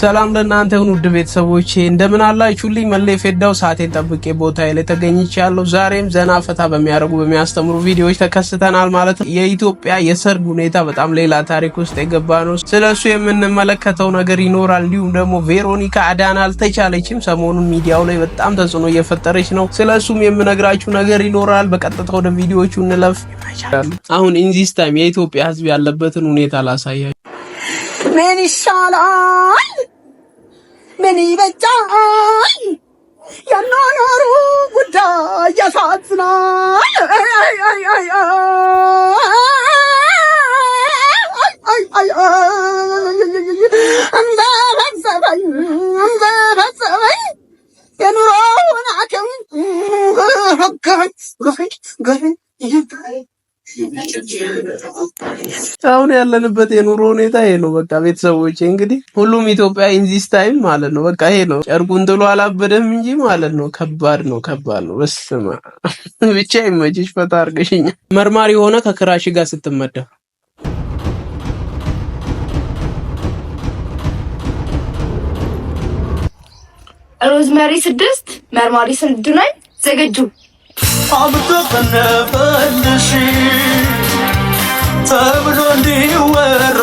ሰላም ለእናንተ ይሁን ውድ ቤተሰቦቼ፣ እንደምን አላችሁልኝ? መሌ ፌዳው ሳቴን ጠብቄ ቦታ ላይ ያለው ዛሬም ዘና ፈታ በሚያደርጉ በሚያስተምሩ ቪዲዮዎች ተከስተናል ማለት ነው። የኢትዮጵያ የሰርግ ሁኔታ በጣም ሌላ ታሪክ ውስጥ የገባ ነው። ስለ እሱ የምንመለከተው ነገር ይኖራል። እንዲሁም ደግሞ ቬሮኒካ አዳን አልተቻለችም። ሰሞኑን ሚዲያው ላይ በጣም ተጽዕኖ እየፈጠረች ነው። ስለ እሱም የምነግራችሁ ነገር ይኖራል። በቀጥታ ወደ ቪዲዮቹ እንለፍ። አሁን ኢንዚስ ታይም የኢትዮጵያ ህዝብ ያለበትን ሁኔታ ላሳያ ምን ይሻላል? ምን ይበጃል? የአኗኗሩ ጉዳይ ያሳዝናል። እንበፈጸበኝ እንበፈጸበኝ የኑሮውን አክም ገ ገ ገ አሁን ያለንበት የኑሮ ሁኔታ ይሄ ነው። በቃ ቤተሰቦቼ እንግዲህ ሁሉም ኢትዮጵያ ኢንዚስ ታይም ማለት ነው። በቃ ይሄ ነው። ጨርቁን ጥሎ አላበደም እንጂ ማለት ነው። ከባድ ነው፣ ከባድ ነው። በስመ አብ ብቻ ይመችሽ፣ ፈታ መርማሪ የሆነ ከክራሽ ጋር ስትመደብ ሮዝመሪ ስድስት መርማሪ ስንዱ ነኝ። ዘገጁ አምተፈነበልሽ ተብሎ እንዲወራ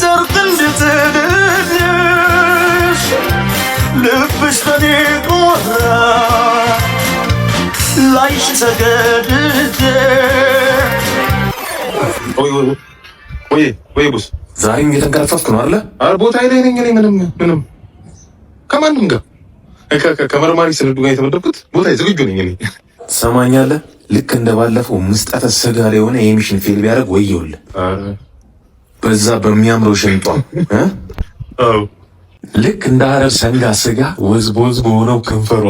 ጨርቅ እንድትልልሽ ልብሽ በኔ ቆራ ላይሽ ተገድጄ ወይ ቡስ ዛሬም እየተንከራተትኩ ነው አለ ቦታ ላይ ነኝ። ምንም ምንም ከማንም ጋር ከመርማሪ ስነዱ ጋር የተመደብኩት ቦታ ዝግጁ ነኝ እኔ። ትሰማኛለህ? ልክ እንደ ባለፈው ምስጠተ ስጋ ላይ የሆነ የሚሽን ፌል ቢያደርግ ወየውልህ በዛ በሚያምረው ሽንጧ ልክ እንደ አረብ ሰንጋ ስጋ ወዝ በወዝ ሆነው ከንፈሯ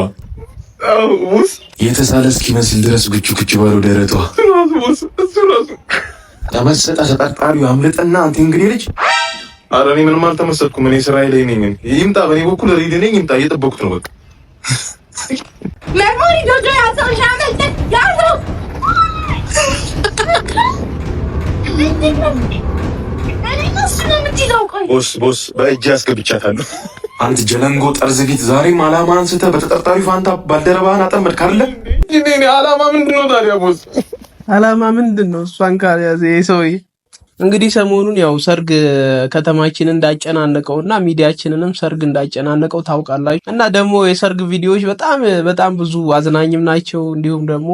የተሳለ እስኪመስል ድረስ ጉቹ ጉቹ ባለው ደረቷ ተመሰጠ ተጠርጣሪው አምልጠና አንተ እንግዲህ ልጅ አረ እኔ ምንም አልተመሰጥኩም። እኔ ስራዬ ላይ ነኝ። ይምጣ፣ በእኔ በኩል ሬዲ ነኝ። ይምጣ፣ እየጠበኩት ነው በቃ ቦስ ቦስ በእጅ ያስገብቻታለሁ። አንድ ጀለንጎ ጠርዝ ፊት ዛሬም አላማ አንስተ በተጠርጣሪ ፋንታ ባልደረባህን አጠመድክ አይደለ? አላማ ምንድን ነው ታዲያ ቦስ? አላማ ምንድን ነው? እሷን ካልያዘ ሰውዬ እንግዲህ ሰሞኑን ያው ሰርግ ከተማችን እንዳጨናነቀው እና ሚዲያችንንም ሰርግ እንዳጨናነቀው ታውቃላችሁ። እና ደግሞ የሰርግ ቪዲዮዎች በጣም በጣም ብዙ አዝናኝም ናቸው፣ እንዲሁም ደግሞ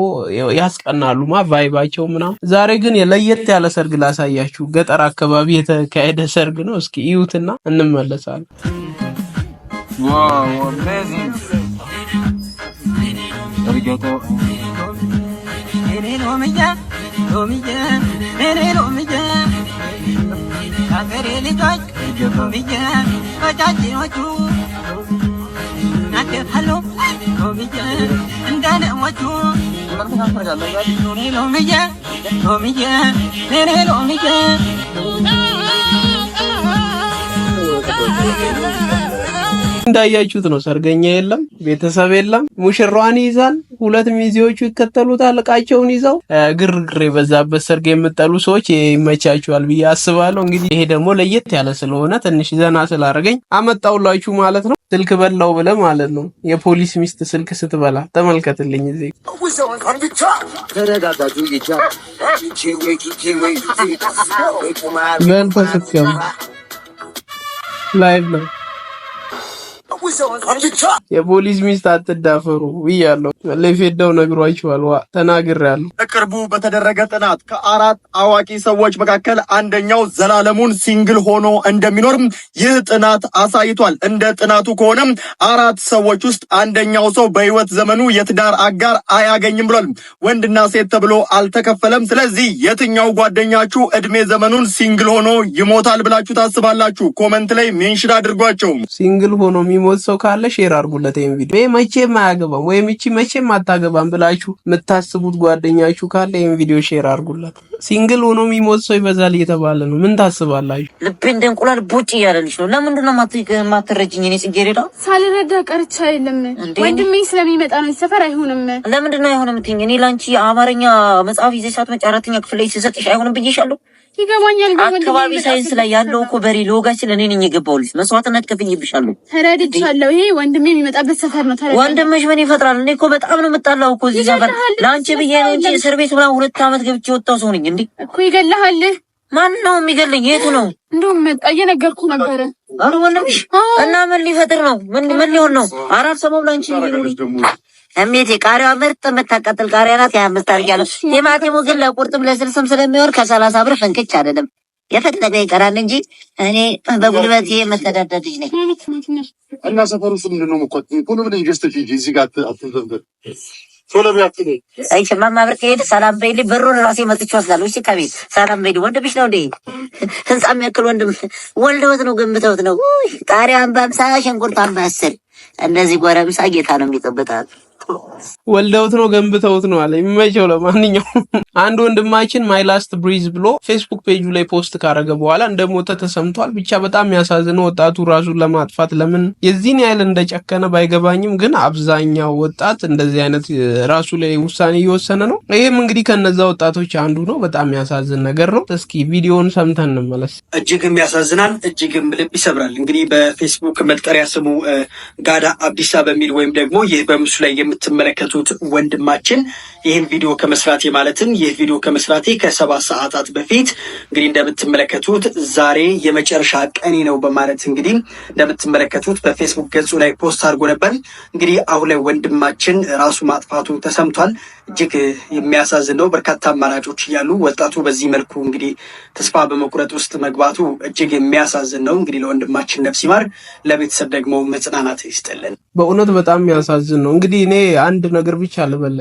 ያስቀናሉማ ቫይባቸው ምናምን። ዛሬ ግን ለየት ያለ ሰርግ ላሳያችሁ። ገጠር አካባቢ የተካሄደ ሰርግ ነው። እስኪ እዩትና እንመለሳለን። አገሬ ልጆች ብዬ ወጫጭኖቹ ናደፋሉ ብዬ እንዳነሞቹ ሎምዬ ሎምዬ ኔኔ እንዳያችሁት ነው። ሰርገኛ የለም፣ ቤተሰብ የለም። ሙሽሯን ይይዛል፣ ሁለት ሚዜዎቹ ይከተሉታል፣ እቃቸውን ይዘው። ግርግር የበዛበት ሰርግ የምጠሉ ሰዎች ይመቻችኋል ብዬ አስባለሁ። እንግዲህ ይሄ ደግሞ ለየት ያለ ስለሆነ ትንሽ ዘና ስላደረገኝ አመጣውላችሁ ማለት ነው። ስልክ በላው ብለ ማለት ነው። የፖሊስ ሚስት ስልክ ስትበላ ተመልከትልኝ። እዚህ ተረጋጋችሁ ላይቭ ነው። የፖሊስ ሚስት አትዳፈሩ ብያለሁ። ለፌዳው ነግሯችኋል። ዋ ተናግሬያለሁ። በቅርቡ በተደረገ ጥናት ከአራት አዋቂ ሰዎች መካከል አንደኛው ዘላለሙን ሲንግል ሆኖ እንደሚኖርም ይህ ጥናት አሳይቷል። እንደ ጥናቱ ከሆነም አራት ሰዎች ውስጥ አንደኛው ሰው በህይወት ዘመኑ የትዳር አጋር አያገኝም ብሏል። ወንድና ሴት ተብሎ አልተከፈለም። ስለዚህ የትኛው ጓደኛችሁ እድሜ ዘመኑን ሲንግል ሆኖ ይሞታል ብላችሁ ታስባላችሁ? ኮመንት ላይ ሜንሽን አድርጓቸው። ሲንግል ሆኖ የሚሞት ሰው ካለ ሼር አድርጉለት ይሄን ቪዲዮ። ይሄ መቼም አያገባም ወይም ይቺ መቼም አታገባም ብላችሁ የምታስቡት ጓደኛችሁ ካለ ይሄን ቪዲዮ ሼር አድርጉለት። ሲንግል ሆኖ የሚሞት ሰው ይበዛል እየተባለ ነው። ምን ታስባላችሁ? ልቤ እንደ እንቁላል ቦጭ እያለልሽ ነው። ለምንድን ነው የማትረጅኝ? እኔ ጽጌረዳ ሳልረዳ ቀርቼ አይደለም ወንድሜ ስለሚመጣ ነው። ሰፈር አይሆንም። ለምንድን ነው አይሆንም? እኔ ላንቺ የአማርኛ መጽሐፍ ይዘሻት መጫ አራተኛ ክፍል ላይ ስሰጥሽ አይሆንም ብዬሻለሁ። ይገባኛል። አካባቢ ሳይንስ ላይ ያለው እኮ በሬ ለወጋችን እኔ ነኝ የገባው ልጅ መስዋዕትነት ከፍዬብሻለሁ። ተረድቻለሁ። ይሄ ወንድሜ የሚመጣበት ሰፈር ነው። ተረድ ወንድምሽ ምን ይፈጥራል? እኔ እኮ በጣም ነው የምጣላው እኮ እዚህ ሰፈር። ለአንቺ ብዬ ነው እንጂ እስር ቤት ምናምን ሁለት ዓመት ገብቼ ወጣው ሰው ነኝ እንዴ እኮ። ይገልሃል። ማን ነው የሚገልኝ? የቱ ነው? እንደውም መጣ እየነገርኩ ነበረ። አሁን ወንድምሽ እና ምን ሊፈጥር ነው? ምን ምን ሊሆን ነው? አራት ሰሞን ላንቺ እሚቲ ቃሪያዋ ምርጥ የምታቀጥል ቃሪያ ናት። የአምስት አድርጊያለሁ። ቲማቲሙ ግን ለቁርጥም ለስልስም ስለሚሆን ከሰላሳ ብር ፍንክች አይደለም የፈለገ ይቀራል እንጂ እኔ በጉልበት የምተዳደር ልጅ ነኝ። እና ሰፈሩ ስ ምንድን ነው የምቆጥ ሁሉ ምን ኢንቨስትድ እዚህ ጋር አትዘንበር እሺ ማማብር ከሄድ ሰላም በይል ብሩን ራሴ መጥቼ ወስዳለሁ። እሺ ከቤት ሰላም በይል ወንድምሽ ነው እንዴ? ህንፃ የሚያክል ወንድም ወልደውት ነው ገንብተውት ነው። ጣሪያን በአምሳ ሽንኩርት በአስር እነዚህ ጎረምሳ ጌታ ነው የሚጠብጣት ወልደውት ነው ገንብተውት ነው አለ። የሚመቸው ለማንኛውም አንድ ወንድማችን ማይ ላስት ብሪዝ ብሎ ፌስቡክ ፔጁ ላይ ፖስት ካረገ በኋላ እንደሞተ ተሰምቷል። ብቻ በጣም ያሳዝነ ወጣቱ ራሱን ለማጥፋት ለምን የዚህን ያህል እንደጨከነ ባይገባኝም፣ ግን አብዛኛው ወጣት እንደዚህ አይነት ራሱ ላይ ውሳኔ እየወሰነ ነው። ይህም እንግዲህ ከነዛ ወጣቶች አንዱ ነው። በጣም ያሳዝን ነገር ነው። እስኪ ቪዲዮን ሰምተን እንመለስ። እጅግም ያሳዝናል፣ እጅግም ልብ ይሰብራል። እንግዲህ በፌስቡክ መጠሪያ ስሙ ጋዳ አብዲሳ በሚል ወይም ደግሞ ይህ በምስሉ ላይ የምትመለከቱት ወንድማችን ይህን ቪዲዮ ከመስራት ማለትም ይህ ቪዲዮ ከመስራቴ ከሰባት ሰዓታት በፊት እንግዲህ እንደምትመለከቱት ዛሬ የመጨረሻ ቀኔ ነው በማለት እንግዲህ እንደምትመለከቱት በፌስቡክ ገጹ ላይ ፖስት አድርጎ ነበር። እንግዲህ አሁን ላይ ወንድማችን ራሱ ማጥፋቱ ተሰምቷል። እጅግ የሚያሳዝን ነው። በርካታ አማራጮች እያሉ ወጣቱ በዚህ መልኩ እንግዲህ ተስፋ በመቁረጥ ውስጥ መግባቱ እጅግ የሚያሳዝን ነው። እንግዲህ ለወንድማችን ነፍስ ይማር፣ ለቤተሰብ ደግሞ መጽናናት ይስጥልን። በእውነት በጣም የሚያሳዝን ነው። እንግዲህ እኔ አንድ ነገር ብቻ ልበል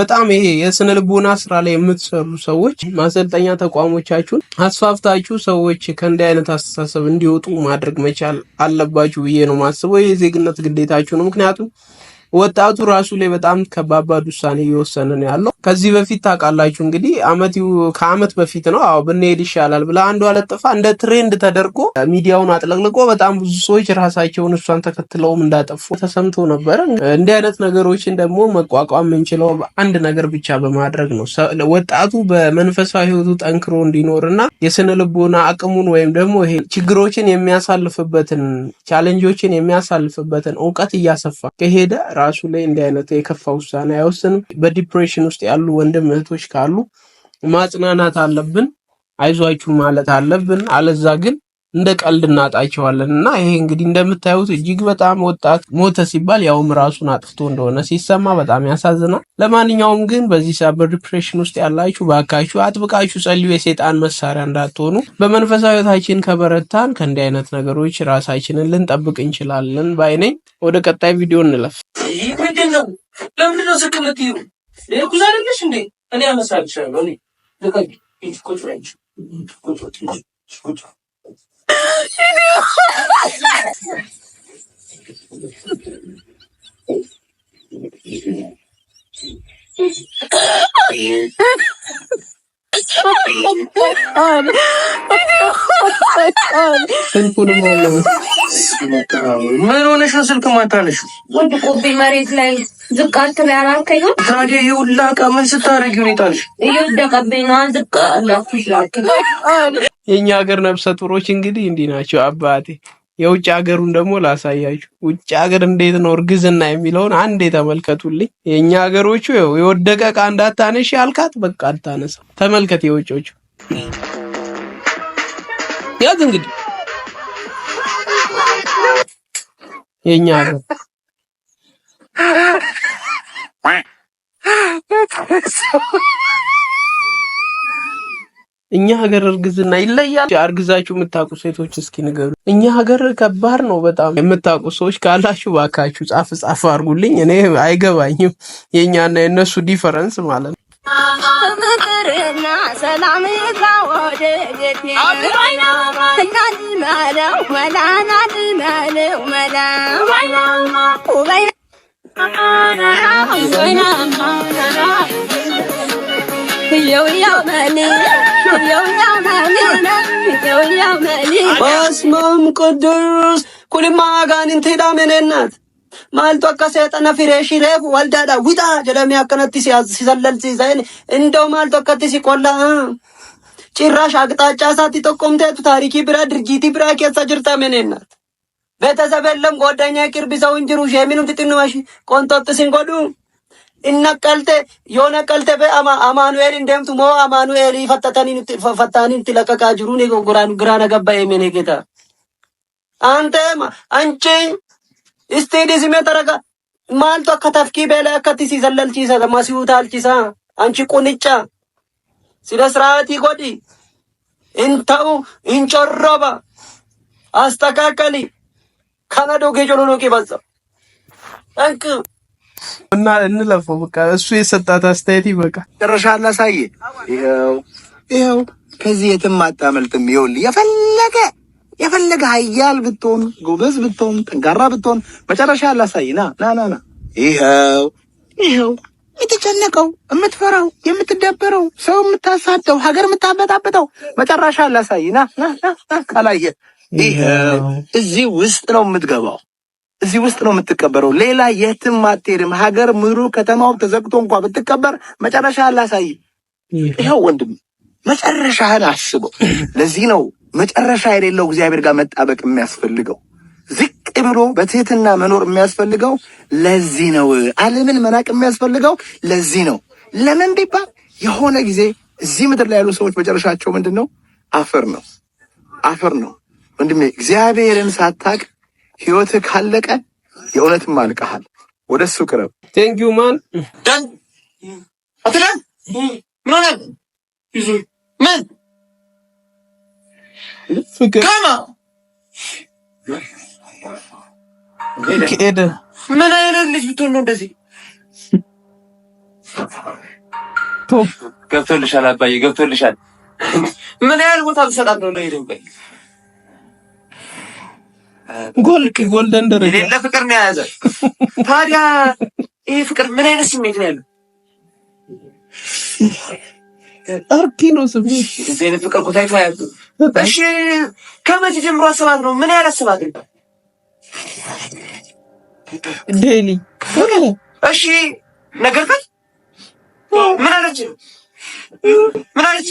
በጣም ይሄ የስነ ልቦና ስራ ላይ የምትሰሩ ሰዎች ማሰልጠኛ ተቋሞቻችሁን አስፋፍታችሁ ሰዎች ከእንዲህ አይነት አስተሳሰብ እንዲወጡ ማድረግ መቻል አለባችሁ ብዬ ነው ማስበው የዜግነት ግዴታችሁ ነው። ምክንያቱም ወጣቱ ራሱ ላይ በጣም ከባባድ ውሳኔ እየወሰነ ነው ያለው። ከዚህ በፊት ታውቃላችሁ እንግዲህ አመት ከአመት በፊት ነው አዎ ብንሄድ ይሻላል ብላ አንዷ ለጥፋ እንደ ትሬንድ ተደርጎ ሚዲያውን አጥለቅልቆ በጣም ብዙ ሰዎች ራሳቸውን እሷን ተከትለውም እንዳጠፉ ተሰምቶ ነበረ። እንዲህ አይነት ነገሮችን ደግሞ መቋቋም የምንችለው አንድ ነገር ብቻ በማድረግ ነው። ወጣቱ በመንፈሳዊ ህይወቱ ጠንክሮ እንዲኖርና የስነ ልቦና አቅሙን ወይም ደግሞ ይሄ ችግሮችን የሚያሳልፍበትን ቻለንጆችን የሚያሳልፍበትን እውቀት እያሰፋ ከሄደ ራሱ ላይ እንዲህ አይነት የከፋ ውሳኔ አይወስንም። በዲፕሬሽን ውስጥ ያሉ ወንድም እህቶች ካሉ ማጽናናት አለብን፣ አይዟችሁ ማለት አለብን። አለዛ ግን እንደ ቀልድ እናጣቸዋለን እና ይሄ እንግዲህ እንደምታዩት እጅግ በጣም ወጣት ሞተ ሲባል ያውም ራሱን አጥፍቶ እንደሆነ ሲሰማ በጣም ያሳዝናል። ለማንኛውም ግን በዚህ ሰዓት ዲፕሬሽን ውስጥ ያላችሁ ባካችሁ አጥብቃችሁ ጸልዩ፣ የሰይጣን መሳሪያ እንዳትሆኑ። በመንፈሳዊ ከበረታን ከእንዲህ አይነት ነገሮች ራሳችንን ልንጠብቅ እንችላለን ባይነኝ። ወደ ቀጣይ ቪዲዮ እንለፍ። ለምንድነው Hindi ako. Saan po naman lang? ምን ሆነሽ ነው ስልክ ማታነሽ? መሬት ላይ ዝቅ አትበይ አላልከኝም? ታዲያ ዕቃ ምን ስታደርጊ እየወደቀብኝ ነው። ዝቅ የእኛ ሀገር ነብሰ ጡሮች እንግዲህ እንዲህ ናቸው አባቴ። የውጭ ሀገሩን ደግሞ ላሳያችሁ። ውጭ ሀገር እንዴት ነው እርግዝና የሚለውን አንዴ ተመልከቱልኝ። የእኛ ሀገሮቹ የወደቀ ዕቃ እንዳታነሽ ያልካት በቃ አታነሳ። ተመልከት የውጮቹ ያዝ እንግዲህ የኛ ሀገር እኛ ሀገር እርግዝና ይለያል። አርግዛችሁ የምታውቁ ሴቶች እስኪ ንገሩ። እኛ ሀገር ከባድ ነው በጣም። የምታውቁ ሰዎች ካላችሁ ባካችሁ ጻፍ ጻፍ አድርጉልኝ። እኔ አይገባኝም የእኛና የእነሱ ዲፈረንስ ማለት ነው። ምክርና ሰላም ታወደግት እናድመለው መላ እናድመለው መላ ውበይ በስመ አብ ቅዱስ ኩልማ አጋንንት ዳመነናት ማልቶ ከሰጠነ ፍሬሽ ሬፍ ወልዳዳ ዊጣ ጀለሚ አከነቲ ሲዘለል ሲዘይን እንደው ማልቶ ከቲ ሲቆላ ጭራሽ አቅጣጫ ሳት ይጠቆምተቱ ታሪኪ ብራ ድርጊቲ ብራ ኬሳ ጅርታ ምንናት ቤተሰብ የለም ጓደኛ ቅርብ ሰው እንጅሩ ሸሚኑም ትጥንማሽ ቆንጦጥ ሲንጎዱ እነቀልተ የሆነ ቀልተ አማኑኤል እንደምቱ ሞ አማኑኤል ፈተተኒን ፈታኒን ትለቀቃ ጅሩን ጎራን ግራና ገባ የሜኔ ጌታ አንተ አንቺ ስቴዲስሜ ጠረቀ ማልቶ አከታፍኪ ቤላ አከቲሲ ዘለልቺሰ ተማሲው ታልቺሳ አንቺ ቁንጫ ስለ ስርዓት ይጎዲ እንተው እንጨረባ አስተካከሊ ካናዶ ጌጆሎ ነው ከባዛ አንክ እና እንለፈው በቃ እሱ የሰጣት አስተያየት በቃ ጭራሽ አላሳየ ይሄው ይሄው ከዚህ የትም አታመልጥም። ይኸውልህ የፈለገ የፈለገ ሀያል ብትሆን ጎበዝ ብትሆን ጠንካራ ብትሆን መጨረሻ ላሳይ ና ና ና ና ይኸው ይኸው የምትጨነቀው የምትፈራው የምትደበረው ሰው የምታሳደው ሀገር የምታበጣበጠው መጨረሻ ላሳይ ና ካላየ ይኸው እዚህ ውስጥ ነው የምትገባው። እዚህ ውስጥ ነው የምትቀበረው። ሌላ የትም አትሄድም። ሀገር ምሩ ከተማው ተዘግቶ እንኳ ብትቀበር መጨረሻ አላሳይም። ይኸው ወንድም መጨረሻህን አስበው። ለዚህ ነው መጨረሻ የሌለው እግዚአብሔር ጋር መጣበቅ የሚያስፈልገው ዝቅ ብሎ በትህትና መኖር የሚያስፈልገው ለዚህ ነው። ዓለምን መናቅ የሚያስፈልገው ለዚህ ነው። ለምን ቢባል የሆነ ጊዜ እዚህ ምድር ላይ ያሉ ሰዎች መጨረሻቸው ምንድን ነው? አፈር ነው፣ አፈር ነው። ወንድሜ እግዚአብሔርን ሳታቅ ህይወትህ ካለቀ የእውነትም አልቀሃል። ወደ እሱ ቅረብ። ቴንኪው ማን ምን ምን አይነት ልጅ ብትሆን ነው እንደዚህ? ገብቶልሻል አባዬ፣ ገብቶልሻል። ምን ያህል ቦታ ልሰጣት ነው? ለሄደው ጎልደን ደረጃ ለፍቅር ነው የያዘ። ታዲያ ይሄ ፍቅር ምን አይነት ስሜት ነው ያለው? አርኪ ነው ስሜት። እዚህ አይነት ፍቅር እሺ ከመቼ ጀምሮ አስባት ነው? ምን ያህል አስባት ነው? ዴሊ እሺ፣ ነገር ምን አለች? ምን አለች?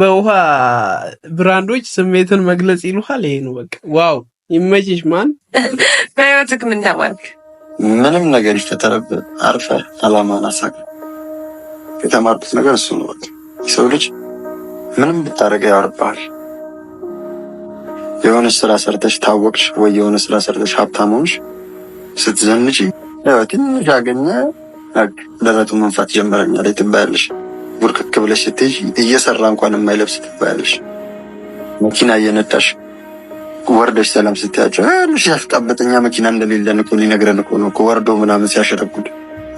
በውሃ ብራንዶች ስሜትን መግለጽ ይሉሃል። ይሄ ነው በቃ። ዋው ይመችሽ። ማን በህይወትህ ምን ታዋልክ? ምንም ነገር ይፈጠረብ አርፈ አላማን አሳቅ። የተማርኩት ነገር እሱ ነው። በቃ የሰው ልጅ ምንም ብታደረገ ያወርብሃል። የሆነ ስራ ሰርተሽ ታወቅሽ ወይ የሆነ ስራ ሰርተሽ ሀብታም ሆንሽ ስትዘንጪ ትንሽ አገኘ ደረቱ መንፋት ጀመረኛል ትባያለሽ። ቡርክክ ብለሽ ስትሄጂ እየሰራ እንኳን የማይለብስ ትባያለሽ። መኪና እየነዳሽ ወርደሽ ሰላም ስትያቸው ልሽ ያሽቃበጠኛ መኪና እንደሌለን እኮ ሊነግረን እኮ ነው። ወርዶ ምናምን ሲያሸረጉድ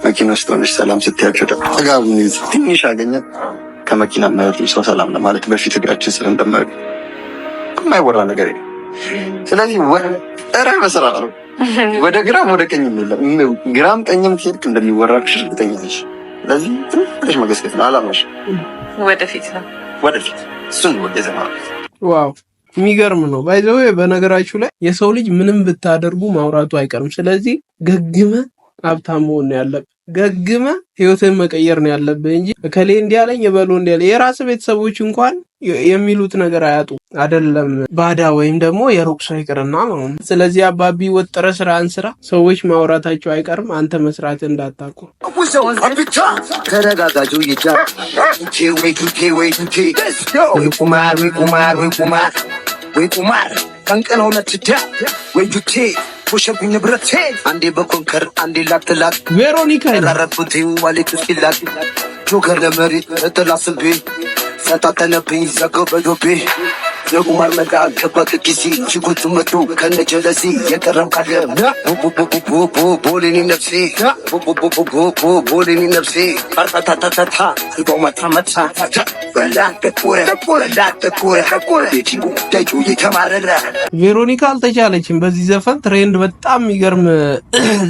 መኪና ውስጥ ሆነሽ ሰላም ስትያቸው ደግሞ ጥጋቡን ትንሽ አገኘን ከመኪና ማለት ሰው ሰላም ለማለት በፊት እግራችን ስለ እንደማይወድ የማይወራ ነገር የለም። ስለዚህ ወጠረ በስራ ነው ወደ ግራም ወደ ቀኝ የሚለው ግራም ቀኝም ከሄድክ እንደሚወራ እርግጠኛ ነሽ። ስለዚህ ትንሽ መገስገስ ነው አላማሽ። ወደፊት ነው ወደፊት እሱን ወደ ዘማ ዋው የሚገርም ነው። ባይዘው በነገራችሁ ላይ የሰው ልጅ ምንም ብታደርጉ ማውራቱ አይቀርም። ስለዚህ ገግመ ሀብታም መሆን ነው ያለብህ። ገግመ ህይወትህን መቀየር ነው ያለብህ እንጂ እከሌ እንዲያለኝ የበሎ እንዲያለ የራስ ቤተሰቦች እንኳን የሚሉት ነገር አያጡ አይደለም ባዳ ወይም ደግሞ የሩቅ ሰው ይቅርና ነው። ስለዚህ አባቢ ወጥረ ስራ ስራ። ሰዎች ማውራታቸው አይቀርም፣ አንተ መስራት እንዳታቁ። ቁማር ወይ ቁማር ቁማር ቁማር ቀንቀን ሁለት ወይ ወሸኩኝ ንብረት አንዴ በኮንከር አንዴ ላክ ትላክ ቬሮኒካ ራረብቴ ዋሌት ስኪላክ ጆከር ለመሬት ጥላ ስቤ ሰጣጠነብኝ ዘገው በጆቤ ለቁማር መጣ ገባ ከኪሲ ሽጉጥ መቶ ከነጀለሲ የቀረም ካለ ቦሊኒ ነፍሴ ነፍሴ ታታታታታ አልቆማታ መታ ቬሮኒካ አልተቻለችም በዚህ ዘፈን ትሬንድ። በጣም የሚገርም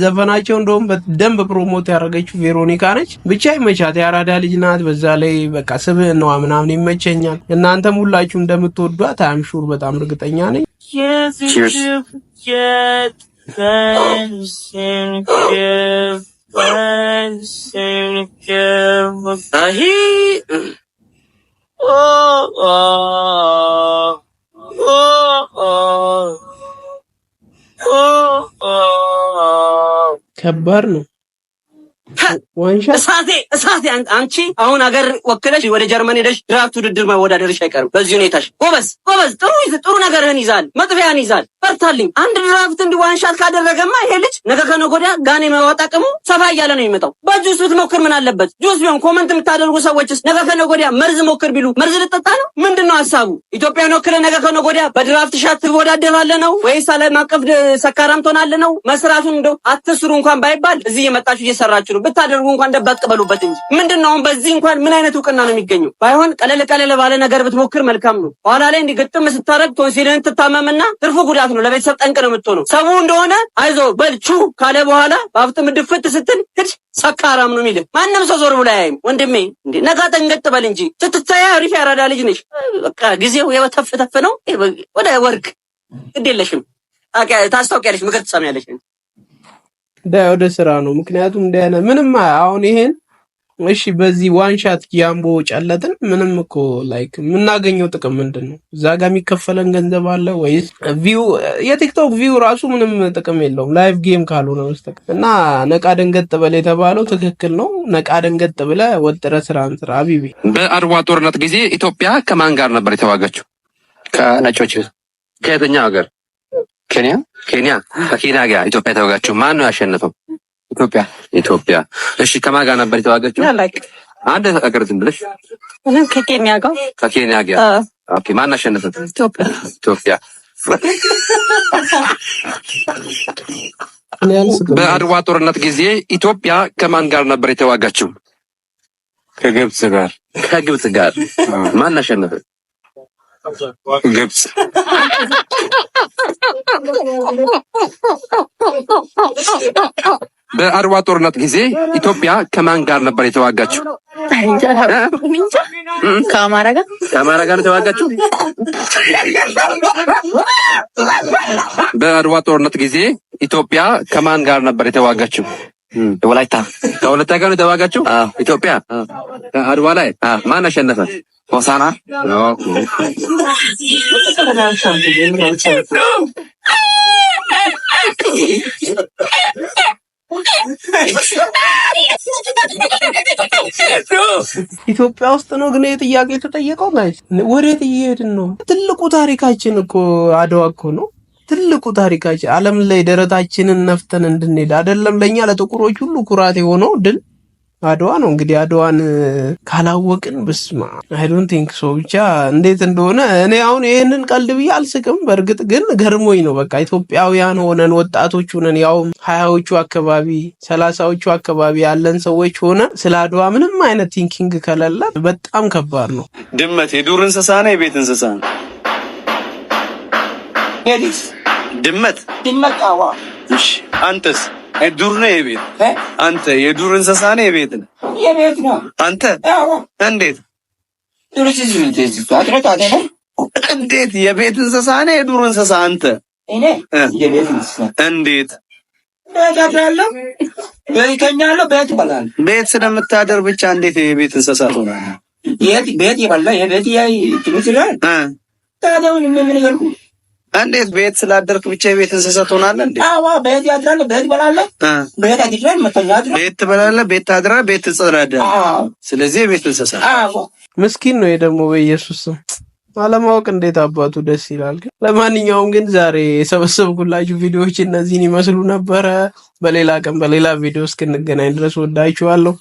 ዘፈናቸው እንደውም በደንብ ፕሮሞት ያደረገችው ቬሮኒካ ነች። ብቻ ይመቻት፣ የአራዳ ልጅ ናት። በዛ ላይ በቃ ምናምን ይመቸኛል። እናንተም ሁላችሁ እንደምትወዱ እንደምትወዷት አምሹር በጣም እርግጠኛ ነኝ። ከባድ ነው። እሳቴ እሳቴ አንቺ አሁን ሀገር ወክለሽ ወደ ጀርመን ሄደሽ ድራፍት ውድድር መወዳደርሽ አይቀርም። በዚህ ሁኔታሽ ጎበዝ ጎበዝ፣ ጥሩ ጥሩ ነገርህን ይዛል፣ መጥፊያን ይዛል። በርታልኝ። አንድ ድራፍት እንዲ ዋንሻት ካደረገማ ይሄ ልጅ ነገ ከነገ ወዲያ ጋኔ መዋጥ ሰፋ እያለ ነው የሚመጣው። በጁስ ብትሞክር ምን አለበት? ጁስ ቢሆን ኮመንት የምታደርጉ ሰዎችስ ነገ ከነገ ወዲያ መርዝ ሞክር ቢሉ መርዝ ልጠጣ ነው? ምንድን ነው ሀሳቡ? ኢትዮጵያን ወክለ ነገ ከነገ ወዲያ በድራፍት ሻት ትወዳደራለህ ነው ወይስ ዓለም አቀፍ ሰካራም ትሆናለህ ነው? መስራቱን እንደው አትስሩ እንኳን ባይባል እዚህ እየመጣችሁ እየሰራችሁ ነው። ብታደርጉ እንኳን ደብ አትቀበሉበት እንጂ ምንድን ነው አሁን በዚህ እንኳን ምን አይነት እውቅና ነው የሚገኘው? ባይሆን ቀለል ቀለል ባለ ነገር ብትሞክር መልካም ነው። በኋላ ላይ እንዲግጥም ስታደርግ ቶንሲልን ትታመምና ትርፉ ጉዳት ነው፣ ለቤተሰብ ጠንቅ ነው የምትሆነው። ሰው እንደሆነ አይዞ በልቹ ካለ በኋላ በሀብትም ድፍት ስትል ሂድ ሰካራም ነው የሚልህ ማንም ሰው ዞር ብላ ያይም። ወንድሜ እንዲ ነጋ ጠንገጥ በል እንጂ ስትታያ አሪፍ ያራዳ ልጅ ነሽ። በቃ ጊዜው የተፍተፍ ነው። ወደ ወርቅ ግድ የለሽም ታስታውቂያለሽ፣ ምክር ትሰሚያለሽ። ዳይ ወደ ስራ ነው። ምክንያቱም እንዳያነ ምንም አሁን ይሄን እሺ፣ በዚህ ዋንሻት ያምቦ ጨለትን ምንም እኮ ላይክ የምናገኘው ጥቅም ምንድን ነው? እዛ ጋር የሚከፈለን ገንዘብ አለ ወይስ ቪው? የቲክቶክ ቪው ራሱ ምንም ጥቅም የለውም ላይቭ ጌም ካልሆነ በስተቀር እና ነቃ ደንገጥ በል የተባለው ትክክል ነው። ነቃ ደንገጥ ብለ ወጥረ ስራ ስራ። አቢቢ በአድዋ ጦርነት ጊዜ ኢትዮጵያ ከማን ጋር ነበር የተዋጋችው? ከነጮች ከየተኛ ሀገር ኬንያ ኬንያ ከኬንያ ጋር ኢትዮጵያ የተዋጋችው ማን ነው ያሸነፈው? ኢትዮጵያ ኢትዮጵያ። እሺ ከማን ጋር ነበር የተዋጋችው? አንድ ሀገር ዝም ብለሽ ከኬንያ ጋር ከኬንያ ጋር። ኦኬ ማን አሸነፈው? ኢትዮጵያ ኢትዮጵያ። በአድዋ ጦርነት ጊዜ ኢትዮጵያ ከማን ጋር ነበር የተዋጋችው? ከግብጽ ጋር ከግብጽ ጋር። ማን አሸነፈ? ግብጽ በአድዋ ጦርነት ጊዜ ኢትዮጵያ ከማን ጋር ነበር የተዋጋችው? ከአማራ ጋር ከአማራ ጋር የተዋጋችው። በአድዋ ጦርነት ጊዜ ኢትዮጵያ ከማን ጋር ነበር የተዋጋችው? ወላይታ ከወላይታ ጋር ነው የተዋጋችው ኢትዮጵያ አድዋ ላይ ማን አሸነፈ? ሆሳና ኢትዮጵያ ውስጥ ነው ግን ጥያቄ የተጠየቀው። ጋይስ ወዴት እየሄድን ነው? ትልቁ ታሪካችን እኮ አድዋ እኮ ነው። ትልቁ ታሪካችን ዓለም ላይ ደረታችንን ነፍተን እንድንሄድ አይደለም ለእኛ ለጥቁሮች ሁሉ ኩራት የሆነው ድል አድዋ ነው እንግዲህ አድዋን ካላወቅን ብስማ አይ ዶንት ቲንክ ሶ ብቻ እንዴት እንደሆነ እኔ አሁን ይህንን ቀልድ ብዬ አልስቅም። በእርግጥ ግን ገርሞኝ ነው በቃ ኢትዮጵያውያን ሆነን ወጣቶች ሆነን ያውም ሀያዎቹ አካባቢ ሰላሳዎቹ አካባቢ ያለን ሰዎች ሆነ ስለ አድዋ ምንም አይነት ቲንኪንግ ከሌለ በጣም ከባድ ነው። ድመት የዱር እንስሳ ነው የቤት እንስሳ ነው? ድመት ድመት እሺ አንተስ? ዱር ነው የቤት አንተ የዱር እንስሳ ነው የቤት ነው የቤት ነው አንተ እንዴት እንዴት የቤት እንስሳ ነው የዱር እንስሳ አንተ እንዴት ቤት ስለምታደር ብቻ እንዴት የቤት እንስሳ ትሆናለህ? ቤት ይበላ የቤት ትሉት ይላል ታዲያ ምን ምን ይገልኩ እንዴት ቤት ስላደርክ ብቻ የቤት እንስሳ ትሆናለህ እንዴ? አዋ ቤት ያድራል፣ ቤት ይበላል፣ ቤት አድራል፣ መተኛት፣ ቤት ትበላለህ፣ ቤት ታድራ፣ ቤት ትጸዳዳለህ። ስለዚህ የቤት እንስሳ ምስኪን ነው ደግሞ በኢየሱስ ስም አለማወቅ እንዴት አባቱ ደስ ይላል። ግን ለማንኛውም ግን ዛሬ የሰበሰብኩላችሁ ቪዲዮዎች እነዚህን ይመስሉ ነበረ። በሌላ ቀን በሌላ ቪዲዮ እስክንገናኝ ድረስ ወዳችኋለሁ።